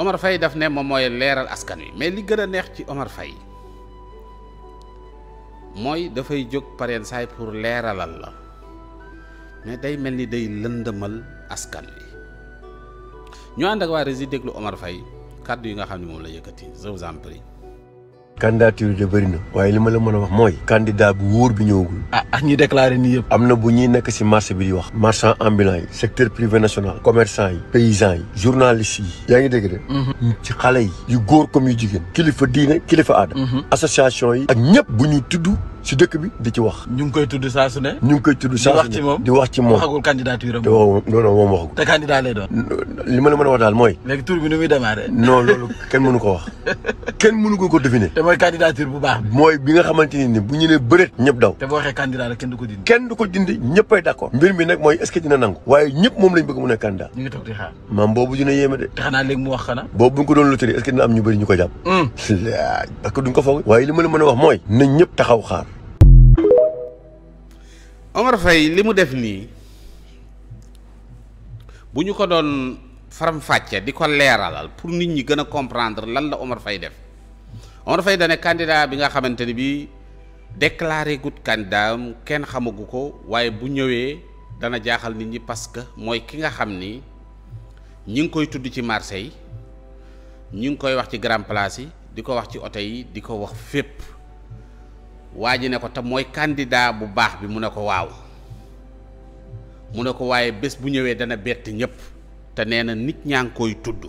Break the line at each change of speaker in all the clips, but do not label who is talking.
Omar Faye daf ne moom mooy leeral askan wi mais li gën a neex ci Omar fay mooy dafay jóg pareen saay pour leeralal la mais day mel ni day lëndëmal askan wi ñu ànd ak waa Rési déglu Omar fay kàddu yi nga xam ne moom la yëkkati je en prie
candidature de bëri na waaye li ma la mën a wax mooy candidat bu wóor bi ñëwagul ah ak ah, ñi déclaré nii yëpp am na bu ñuy nekk si marché bi di wax marchand ambulant yi secteur privé national commerçant yi paysan yi journalistes yi yaa ngi dégg de mhm. ci xale yi yu góor comme yu jigéen kilifa diine kilifa aada mhm. association yi ak ñëpp bu ñuy tudd si dëkk bi di ci wax.
ñu ngi koy tudd saa su ne. ñu ngi koy tudd saa su ne di wax ci moom waxagul candidature am. te
woo non non moom waxagul.
te
li ma la mën a wax daal mooy.
léegi tur bi nu muy démarré. non
kenn mënu ko wax. kenn mënu ko ko deviner.
te mooy candidature bu
baax bi. mooy bi nga xamante ni bu ñu nee bëreet ñëpp daw. te boo waxee candidat la kenn du ko dindi. kenn du ko dindi ñëppay d'accord. mbir mi nag mooy est-ce que dina nangu. waaye ñëpp moom lañ bëgg mu nekk candidat.
ñu ngi
boobu dina yéeme de.
ko
doon loterie mm. li a wax mooy. na ñëpp taxaw xaar.
Omar fay li mu def nii bu ñu ko doon faram fàcce di ko leeralal pour nit ñi gën a comprendre lan la Omar fay def Omar Faye dane candidat bi nga xamante ni bii déclaré gut candidat kenn xamagu ko waaye bu ñëwee dana jaaxal nit ñi parce que mooy ki nga xam ni ñi ngi koy tudd ci Marseille ñi ngi koy wax ci grand place yi di ko wax ci oto yi di ko wax fépp waa ji ne ko te mooy candidat bu baax bi mu ne ko waaw mu ne ko waaye bés bu ñëwee dana bett ñëpp te nee na nit ñaa ngi koy tudd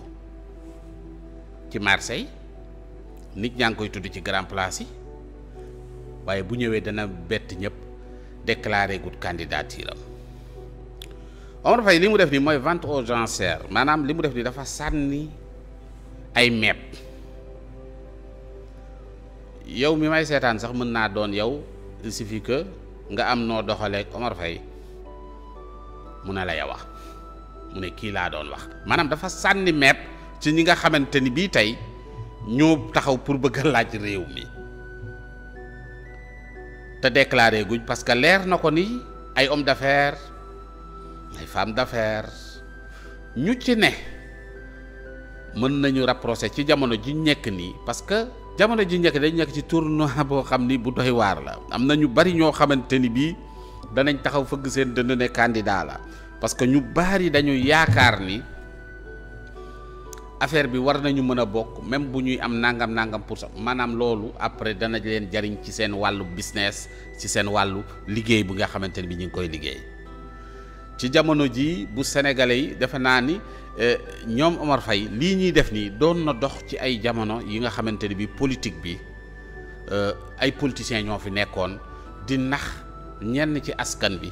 ci Marseille nit ñaa ngi koy tudd ci grand place yi waaye bu ñëwee dana bett ñëpp déclaré gut candidature li mu def ni mooy vente aux enchères maanaam li mu def ni dafa sànni ay meeb yow mi may seetaan sax mën naa doon yow il fi que nga am noo doxaleeg Omar mun mu ne wax mu ne kii laa doon wax maanaam dafa sànni meeb ci ñi nga xamante ni bii tey ñoo taxaw pour bëgg a laaj réew mi te déclaré guñ parce que leer na ko ni ay homme d'affaires ay femme d'affaires ñu ci ne mën nañu rapproché ci jamono ji nekk nii parce que jamono ji nekk dañ nekk ci tournoi boo xam ni bu doy waar la am na ñu bari ñoo xamante ni bii danañ taxaw fëgg seen dënd ne candidat la parce que ñu bari dañu yaakaar ni affaire bi war nañu mën a bokk même bu ñuy am nangam nangam pour cent maanaam loolu après dana leen jariñ ci seen wàllu business ci seen wàllu liggéey bi nga xamante ne bi ñu koy liggéey ci jamono jii bu sénégalais yi defe naa ni eh, ñoom Omar Faye lii ñuy def nii doon na dox ci ay jamono yi nga xamante ne bi politique bi eh, ay politiciens ñoo fi nekkoon di nax ñenn ci askan bi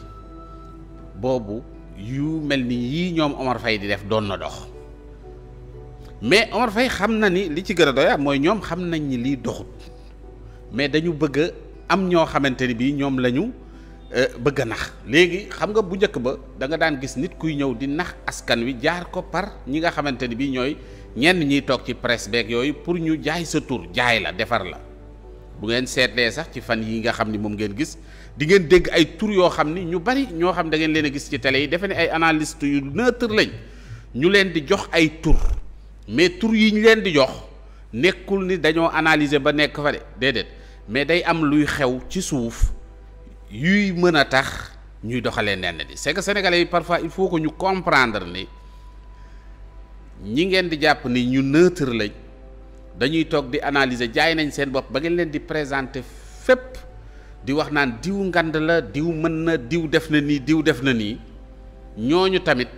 boobu yu mel ni yii ñoom Omar Faye di def doon na dox mais Omar Faye xam na ni li ci gën a doy mooy ñoom xam nañ ni lii doxut mais dañu bëgg am ñoo xamante ni bii ñoom lañu ñu euh, bëgg a nax léegi xam nga bu njëkk ba danga daan gis nit kuy ñëw di nax askan wi jaar ko par ñi nga xamante ni bii ñooy ñenn ñiy toog ci presse beeg yooyu pour ñu jaay sa tur jaay la defar la bu ngeen seetlee sax ci fan yi nga xam ni moom ngeen gis di ngeen dégg ay tur yoo xam ni ñu bari ñoo xam da ngeen leen a gis ci télé yi defe ne ay analyste yu neutre lañ ñu leen di jox ay tur mais tur yi ñu leen di jox nekkul ni dañoo analyser ba nekk fa de déedéet mais day am luy xew ci suuf yuy mën a tax ñuy doxalee nenn di c'est que sénégalais yi parfois il faut que ñu comprendre ni ñi ngeen di jàpp ni ñu neutre lañ dañuy toog di analyser jaay nañ seen bopp ba ngeen leen di présenter fépp di wax naan diw ngand la diw mën na diw def na nii diw def na nii ñooñu tamit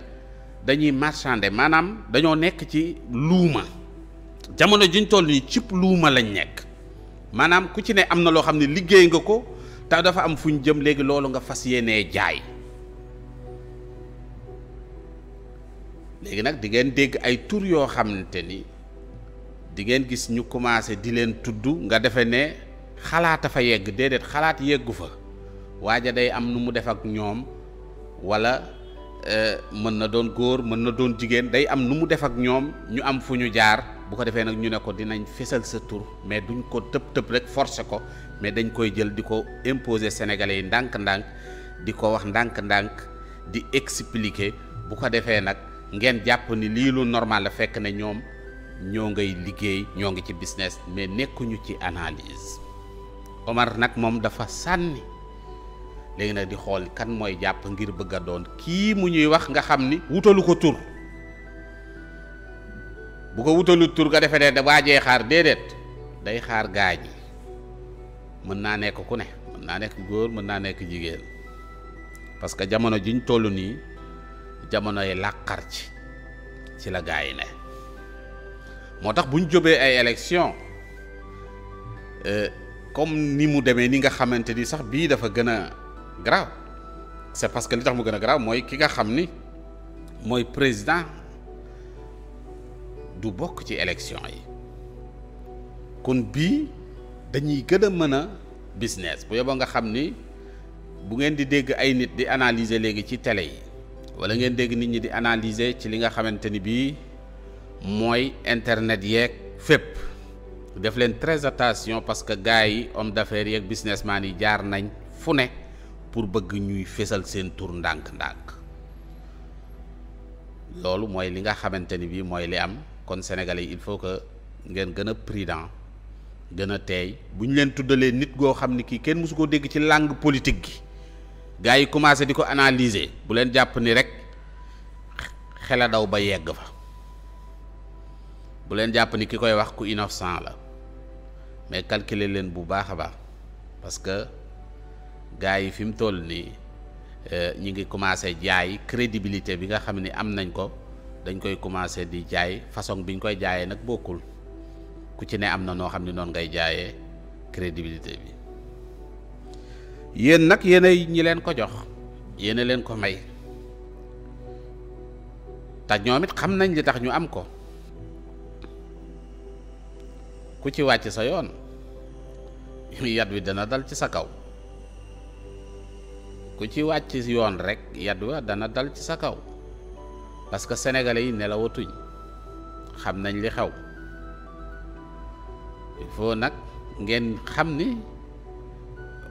dañuy marchander maanaam dañoo nekk ci luuma jamono juñ toll yi cib luuma lañ nekk maanaam ku ci ne am na loo xam ne liggéey nga ko te dafa am fu ñu jëm léegi loolu nga fas yéenee jaay léegi nag di ngeen dégg ay tur yoo xamante ni di ngeen gis ñu commencé di leen tudd nga defe ne xalaat a fa yegg déedéet xalaat yeggu fa waaja day am nu mu def ak ñoom wala. Eh, mën na doon góor mën na doon jigéen day am nu mu def ak ñoom ñu am fu ñu jaar bu ko defee nag ñu ne ko dinañ fesal sa tur mais duñ ko tëb tëb rek forcer ko mais dañ koy jël di ko imposer sénégalais yi ndànk-ndànk di ko wax ndànk-ndànk di expliquer bu ko defee nag ngeen jàpp ni lii lu normal la fekk ne ñoom ñoo ngay liggéey ñoo ngi ci business mais nekkuñu ci analyse Omar nag moom dafa sànni. léegi nag di xool kan mooy jàpp ngir bëgg a doon kii mu ñuy wax nga xam ni wutalu ko tur bu ko wutalu tur nga defe de da waajee xaar déedéet day xaar gaa ñi mën naa nekk ku ne mën naa nekk góor mën naa nekk jigéen parce que jamono ñu toll nii jamonoy làqar ci ci la gaa yi ne moo tax buñ jóbee ay élection euh, comme ni mu demee ni nga xamante ni sax bii dafa gën a grave c'est parce que li tax mu gën a mooy ki nga xam ni mooy président du bokk ci élection yi kon bii dañuy gën a mën a business bu yoboo nga xam ni bu ngeen di dégg ay nit di analyser léegi ci télé yi wala ngeen dégg nit ñi di analyser ci li nga xamante ni bii mooy internet yeeg fépp def leen très attention parce que gars yi homme d'affaires yeeg businessman yi jaar nañ fu ne pour bëgg ñuy fesal seen tur ndànk-ndànk loolu mooy li nga xamante ni bii mooy li am kon sénégalais il faut que ngeen gën a prudent gën a teey bu ñu leen tuddalee nit goo xam ni kii kenn mësu koo dégg ci langue politique gi gars yi commencé di ko analyser bu leen jàpp ni rek xel a daw ba yegg fa bu leen jàpp ni ki koy wax ku innocent la mais calculer leen bu baax a baax parce gars yi fi mu toll nii euh, ñi ngi commencé jaay crédibilité bi nga xam ni am nañ ko dañ koy commencé di jaay façon bi ñu koy jaayee nag bokkul ku ci ne am na noo xam ne noonu ngay jaaye crédibilité bi yéen nag yéen ñi leen ko jox yéene leen ko may te ñoom it xam nañ li tax ñu am ko ku ci wàcc sa yoon yat wi dana dal ci sa kaw ku ci wàcc yoon rek yad wa dana dal ci sa kaw parce que sénégalais yi nelawatuñ xam nañ li xew il faut nag ngeen xam ni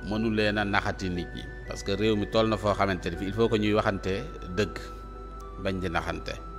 mënu leen a naxati nit ñi parce que réew mi tool na foo xamante ni il faut ko ñuy waxante dëgg bañ di naxante